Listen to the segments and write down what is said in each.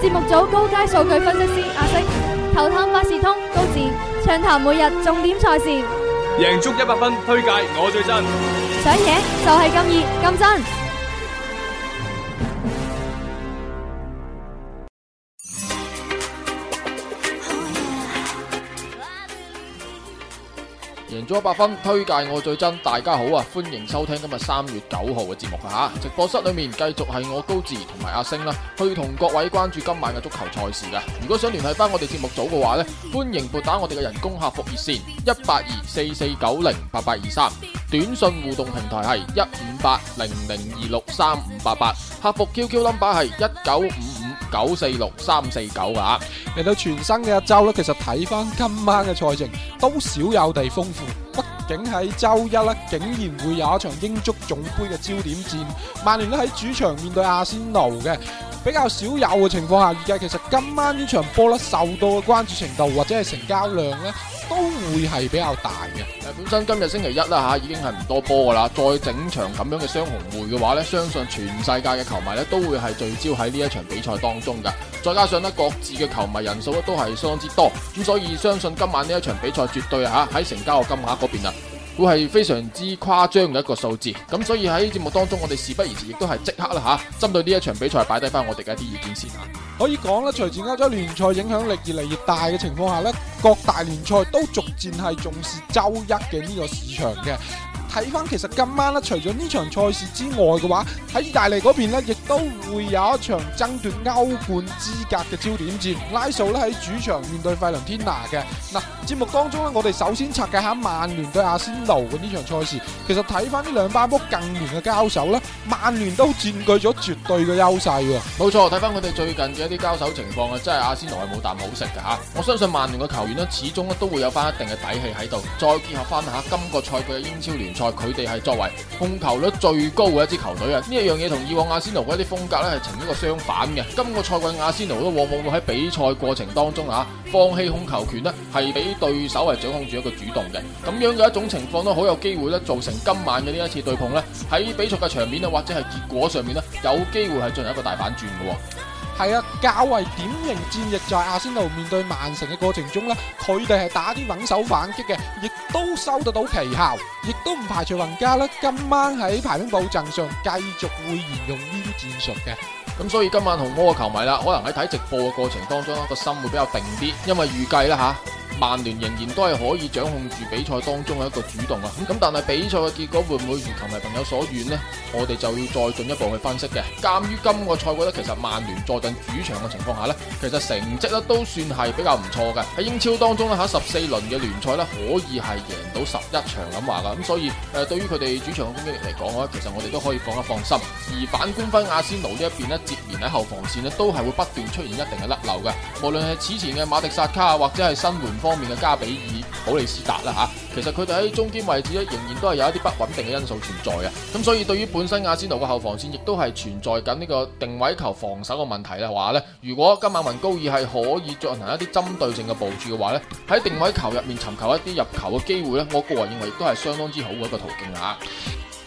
節目組高階數據分析師阿星，球探萬事通高志，暢談每日重點賽事，贏足一百分推介我最真，想贏就係咁易咁真。贏足一百分，推介我最真，大家好啊，歡迎收聽今日三月九號嘅節目吓，直播室裏面繼續係我高志同埋阿星啦，去同各位關注今晚嘅足球賽事噶。如果想聯繫翻我哋節目組嘅話咧，歡迎撥打我哋嘅人工客服熱線一八二四四九零八八二三，23，短信互動平台係一五八零零二六三五八八，88，客服 QQ 號碼係一九五。九四六三四九啊！嚟到全新嘅一周咧，其實睇翻今晚嘅賽程都少有地豐富，畢竟喺周一咧，竟然會有一場英足總杯嘅焦點戰，曼聯都喺主場面對阿仙奴嘅。比較少有嘅情況下，而家其實今晚呢場波受到嘅關注程度或者係成交量都會係比較大嘅。本身今日星期一啦吓，已經係唔多波噶啦，再整場咁樣嘅雙紅會嘅話，相信全世界嘅球迷都會係聚焦喺呢一場比賽當中噶再加上各自嘅球迷人數咧都係相當之多，咁所以相信今晚呢一場比賽絕對啊，喺成交嘅金額嗰邊會係非常之誇張嘅一個數字，咁所以喺節目當中，我哋事不宜遲，亦都係即刻啦吓，針對呢一場比賽擺低翻我哋嘅一啲意見先啊！可以講咧，隨住歐洲聯賽影響力越嚟越大嘅情況下咧，各大聯賽都逐漸係重視周一嘅呢個市場嘅。睇翻其實今晚咧，除咗呢場賽事之外嘅話，喺意大利嗰邊呢，亦都會有一場爭奪歐冠資格嘅焦點戰。拉素咧喺主場面對費倫天拿嘅。嗱、啊，節目當中呢，我哋首先拆解下曼聯對阿仙奴嘅呢場賽事。其實睇翻呢兩班波近年嘅交手咧，曼聯都佔據咗絕對嘅優勢嘅。冇錯，睇翻我哋最近嘅一啲交手情況啊，真係阿仙奴係冇啖好食㗎吓。我相信曼聯嘅球員呢，始終咧都會有翻一定嘅底氣喺度。再結合翻下今個賽季嘅英超聯賽。佢哋係作為控球率最高嘅一支球隊啊，呢一樣嘢同以往阿仙奴嗰啲風格咧係呈一個相反嘅。今個賽季阿仙奴都往往會喺比賽過程當中啊，放棄控球權呢係俾對手係掌控住一個主動嘅。咁樣嘅一種情況咧，好有機會咧，造成今晚嘅呢一次對碰呢，喺比賽嘅場面啊，或者係結果上面呢，有機會係進行一個大反轉嘅。係啊，較為典型戰役就係阿仙奴面對曼城嘅過程中呢，佢哋係打啲穩守反擊嘅，亦都收得到奇效，亦都唔排除雲加呢，今晚喺排兵布陣上繼續會沿用呢啲戰術嘅。咁所以今晚紅魔嘅球迷啦，可能喺睇直播嘅過程當中咧，個心會比較定啲，因為預計啦吓。曼聯仍然都係可以掌控住比賽當中嘅一個主動啊！咁但係比賽嘅結果會唔會如琴日朋友所願呢？我哋就要再進一步去分析嘅。鑒於今個賽季咧，其實曼聯坐陣主場嘅情況下呢，其實成績咧都算係比較唔錯嘅。喺英超當中咧，喺十四輪嘅聯賽呢，可以係贏到十一場咁話噶。咁所以誒，對於佢哋主場嘅攻擊力嚟講咧，其實我哋都可以放一放心。而反觀翻阿仙奴呢一邊呢，接連喺後防線呢，都係會不斷出現一定嘅甩漏嘅，無論係此前嘅馬迪薩卡或者係新援，方面嘅加比爾、普利斯達啦嚇，其實佢哋喺中堅位置咧，仍然都係有一啲不穩定嘅因素存在嘅。咁所以對於本身阿仙奴嘅後防線，亦都係存在緊呢個定位球防守嘅問題嘅話呢，如果今晚雲高爾係可以進行一啲針對性嘅部署嘅話呢，喺定位球入面尋求一啲入球嘅機會呢，我個人認為都係相當之好嘅一個途徑啊。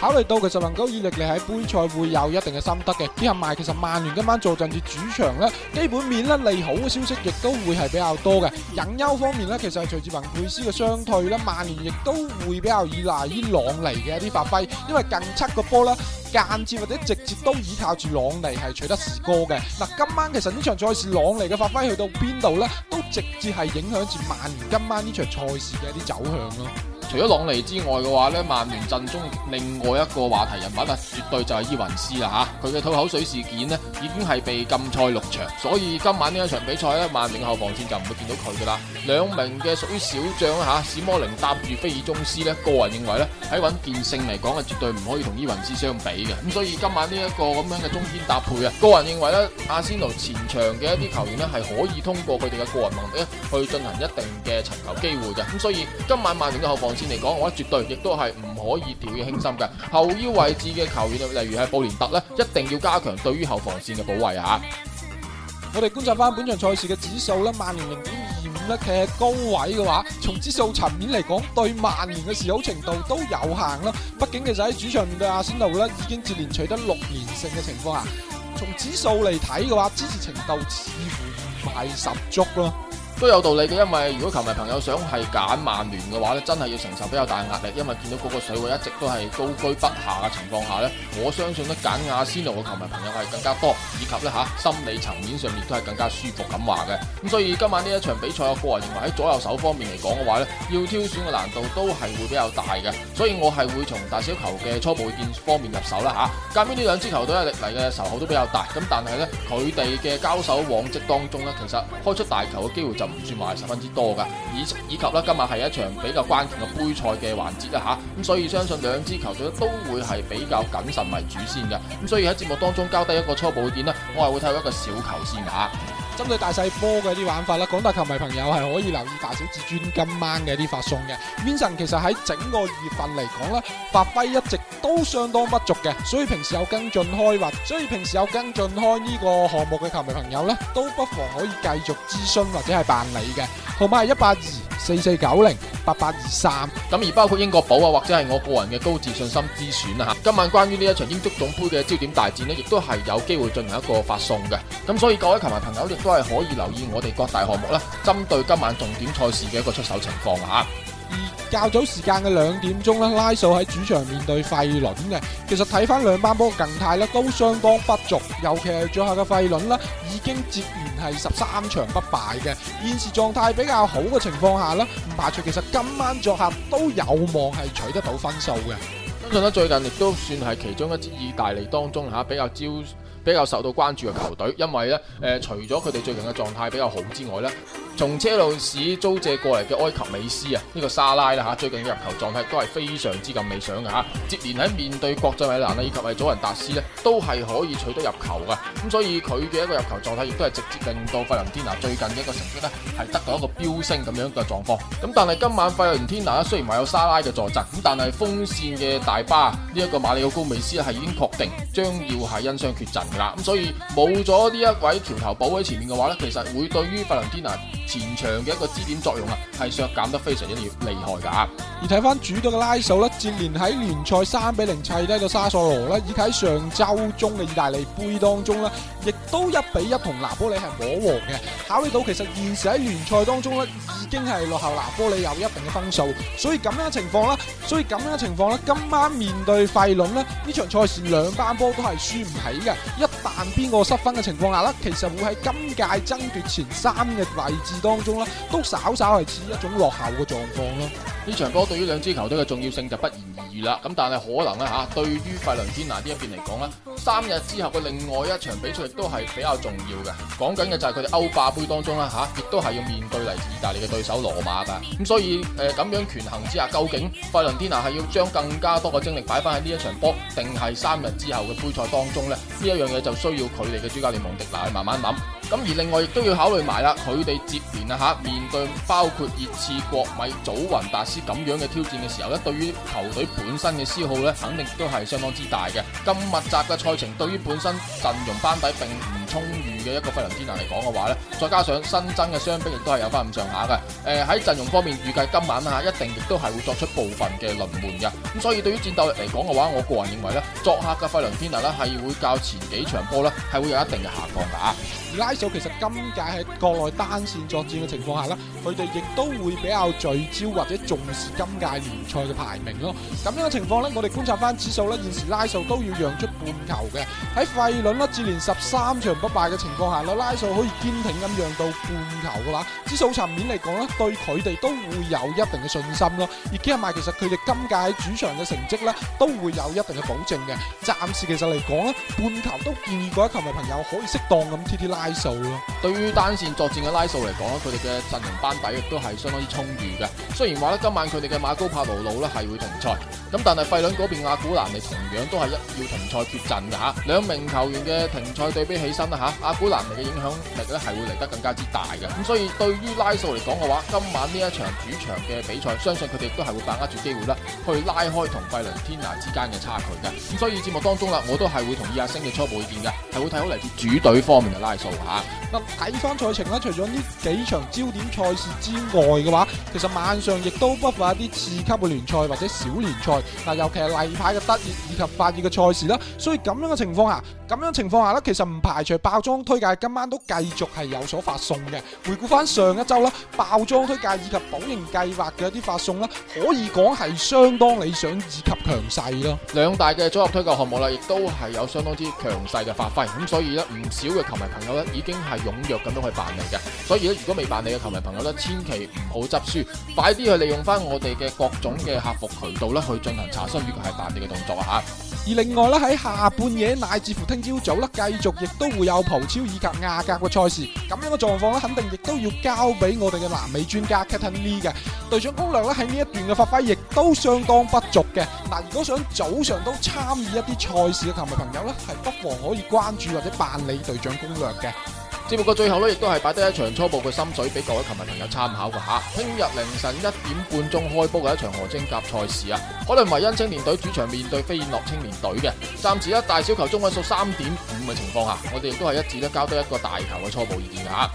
考慮到其實能夠以力嚟，喺杯賽會有一定嘅心得嘅，結合埋其實曼聯今晚坐鎮住主場咧，基本面咧利好嘅消息亦都會係比較多嘅。隱憂方面咧，其實係隨住文佩斯嘅傷退啦，曼聯亦都會比較依賴於朗尼嘅一啲發揮，因為近七個波啦，間接或者直接都倚靠住朗尼係取得士哥嘅。嗱，今晚其實呢場賽事朗尼嘅發揮去到邊度咧，都直接係影響住曼聯今晚呢場賽事嘅一啲走向咯。除咗朗尼之外嘅話咧，曼聯陣中另外一個話題人物啊，絕對就係伊雲斯啦吓，佢嘅吐口水事件咧，已經係被禁賽六場，所以今晚呢一場比賽咧，曼聯後防線就唔會見到佢噶啦。兩名嘅屬於小將吓、啊，史摩寧搭住菲爾鍾斯咧，個人認為咧，喺穩健性嚟講啊，絕對唔可以同伊雲斯相比嘅。咁所以今晚呢一個咁樣嘅中堅搭配啊，個人認為咧，阿仙奴前場嘅一啲球員咧，係可以通過佢哋嘅個人能力咧，去進行一定嘅尋求機會嘅。咁所以今晚曼聯嘅後防線。嚟講，我諗絕對亦都係唔可以掉以輕心嘅。後腰位置嘅球員，例如係布連特咧，一定要加強對於後防線嘅保衛吓。我哋觀察翻本場賽事嘅指數咧，曼聯零點二五咧企喺高位嘅話，從指數層面嚟講，對曼聯嘅示好程度都有限啦。畢竟其實喺主場面對阿仙奴咧，已經接連取得六連勝嘅情況下，從指數嚟睇嘅話，支持程度似乎唔係十足咯。都有道理嘅，因為如果球迷朋友想係揀曼聯嘅話咧，真係要承受比較大嘅壓力，因為見到嗰個水位一直都係高居不下嘅情況下咧，我相信咧揀阿仙奴嘅球迷朋友係更加多，以及咧吓，心理層面上面都係更加舒服咁話嘅。咁所以今晚呢一場比賽，我個人認為喺左右手方面嚟講嘅話咧，要挑選嘅難度都係會比較大嘅，所以我係會從大小球嘅初步意見方面入手啦吓。鑑於呢兩支球隊歷嚟嘅仇口都比較大，咁但係咧佢哋嘅交手往績當中咧，其實開出大球嘅機會就輸埋十分之多噶，以以及咧，今日係一場比較關鍵嘅杯賽嘅環節啦吓，咁所以相信兩支球隊都會係比較謹慎為主先嘅，咁所以喺節目當中交低一個初步意見，我係會睇到一個小球先啊。針對大細波嘅啲玩法啦，廣大球迷朋友係可以留意大小至尊今晚嘅啲發送嘅。Vincent 其實喺整個二月份嚟講咧，發揮一直都相當不俗嘅，所以平時有跟進開或，所以平時有跟進開呢個項目嘅球迷朋友咧，都不妨可以繼續諮詢或者係辦理嘅。同埋係一八二四四九零八八二三，咁而包括英國寶啊，或者係我個人嘅高自信心之選啊，今晚關於呢一場英足總杯嘅焦點大戰呢，亦都係有機會進行一個發送嘅，咁所以各位球迷朋友亦都係可以留意我哋各大項目啦，針對今晚重點賽事嘅一個出手情況啊。較早時間嘅兩點鐘咧，拉素喺主場面對費倫嘅，其實睇翻兩班波嘅近態咧都相當不俗，尤其係作客嘅費倫咧已經接連係十三場不敗嘅，現時狀態比較好嘅情況下呢，唔排除其實今晚作客都有望係取得到分數嘅。相信呢，最近亦都算係其中一支意大利當中吓比較招，比較受到關注嘅球隊，因為呢，誒除咗佢哋最近嘅狀態比較好之外咧。從車路士租借過嚟嘅埃及美斯啊，呢個沙拉啦吓，最近入球狀態都係非常之咁理想嘅吓，接連喺面對國際米蘭咧，以及係祖雲達斯咧，都係可以取得入球嘅，咁所以佢嘅一個入球狀態亦都係直接令到費倫天拿最近嘅一個成績咧係得到一個飆升咁樣嘅狀況。咁但係今晚費倫天拿咧，雖然話有沙拉嘅助陣，咁但係鋒線嘅大巴呢一個馬里奧高美斯咧係已經確定將要係因傷缺陣噶啦，咁所以冇咗呢一位橋頭堡喺前面嘅話咧，其實會對於費倫天拿。前場嘅一個支點作用啦，係削減得非常之厲害噶。而睇返主隊嘅拉手呢，接連喺聯賽三比零砌低咗沙索羅呢，以及喺上周中嘅意大利杯當中呢，亦都一比一同拿波里係摸和嘅。考慮到其實現時喺聯賽當中呢，已經係落後拿波里有一定嘅分數，所以咁樣嘅情況啦，所以咁樣嘅情況啦，今晚面對費隆咧，呢場賽事兩班波都係輸唔起嘅。一旦邊個失分嘅情況下呢，其實會喺今屆爭奪前三嘅位置當中咧都稍稍係似一種落後嘅狀況咯。呢場波對於兩支球隊嘅重要性就不言而喻啦。咁但係可能咧吓、啊，對於費倫天拿呢一邊嚟講咧，三日之後嘅另外一場比賽亦都係比較重要嘅。講緊嘅就係佢哋歐霸杯當中啦吓，亦、啊、都係要面對嚟自意大利嘅對手羅馬噶。咁所以誒咁、呃、樣權衡之下，究竟費倫天拿係要將更加多嘅精力擺翻喺呢一場波，定係三日之後嘅杯賽當中咧？呢一樣嘢就需要佢哋嘅主教練蒙迪拿去慢慢諗。咁而另外亦都要考慮埋啦，佢哋接連啊嚇面對包括熱刺、國米、祖雲達斯咁樣嘅挑戰嘅時候咧，對於球隊本身嘅消耗咧，肯定都係相當之大嘅。咁密集嘅賽程，對於本身陣容班底並唔充裕嘅一個費倫天拿嚟講嘅話咧，再加上新增嘅傷兵亦都係有翻咁上下嘅。誒、呃、喺陣容方面預計今晚啊嚇一定亦都係會作出部分嘅輪換嘅。咁所以對於戰鬥力嚟講嘅話，我個人認為咧，作客嘅費倫天拿咧係會較前幾場波咧係會有一定嘅下降㗎。就其實今屆喺國內單線作戰嘅情況下咧，佢哋亦都會比較聚焦或者重視今屆聯賽嘅排名咯。咁樣嘅情況咧，我哋觀察翻指數咧，現時拉數都要讓出。半球嘅喺費輪啦，接連十三場不敗嘅情況下咧，拉素可以堅挺咁讓到半球嘅話，指數層面嚟講咧，對佢哋都會有一定嘅信心咯。亦幾係埋，其實佢哋今屆喺主場嘅成績咧，都會有一定嘅保證嘅。暫時其實嚟講咧，半球都建議各位球迷朋友可以適當咁貼貼拉素咯。對於單線作戰嘅拉素嚟講咧，佢哋嘅陣容班底亦都係相當之充裕嘅。雖然話咧，今晚佢哋嘅馬高帕羅魯咧係會停賽。咁但係費倫嗰邊阿古蘭尼同樣都係一要停賽缺陣噶吓，兩名球員嘅停賽對比起身啦吓，阿古蘭尼嘅影響力咧係會嚟得更加之大嘅，咁所以對於拉素嚟講嘅話，今晚呢一場主場嘅比賽，相信佢哋都係會把握住機會啦，去拉開同費倫天拿之間嘅差距嘅，咁所以節目當中啦，我都係會同意阿星嘅初步意見嘅，係會睇好嚟自主隊方面嘅拉素吓。睇翻賽程咧，除咗呢幾場焦點賽事之外嘅話，其實晚上亦都不乏一啲次級嘅聯賽或者小聯賽。嗱，尤其係例牌嘅德乙以及法乙嘅賽事啦。所以咁樣嘅情況下。咁樣情況下咧，其實唔排除爆裝推介今晚都繼續係有所發送嘅。回顧翻上一周啦，爆裝推介以及保盈計劃嘅一啲發送咧，可以講係相當理想以及強勢咯。兩大嘅組合推介項目啦，亦都係有相當之強勢嘅發揮。咁所以咧，唔少嘅球迷朋友咧，已經係踴躍咁樣去辦理嘅。所以咧，如果未辦理嘅球迷朋友咧，千祈唔好執輸，快啲去利用翻我哋嘅各種嘅客服渠道咧，去進行查詢，如果係辦理嘅動作吓。而另外咧，喺下半夜乃至乎聽朝早咧，繼續亦都會有葡超以及亞甲嘅賽事，咁樣嘅狀況咧，肯定亦都要交俾我哋嘅南美專家 Captain Lee 嘅隊長攻略咧，喺呢一段嘅發揮亦都相當不俗嘅。嗱，如果想早上都參與一啲賽事嘅球迷朋友咧，係不妨可以關注或者辦理隊長攻略嘅。節目嘅最後咧，亦都係擺低一場初步嘅心水俾各位球迷朋友參考噶吓。聽日凌晨一點半鐘開波嘅一場河精甲賽事啊，可能唔係因青年隊主場面對飛燕諾青年隊嘅。暫時一大小球中位數三點五嘅情況下，我哋亦都係一致咧交低一個大球嘅初步意見噶吓。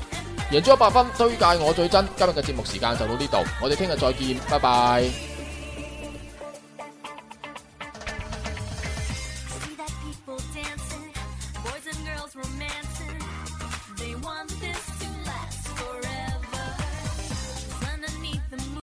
贏足 100FUN，推介我最真。今日嘅節目時間就到呢度，我哋聽日再見，拜拜。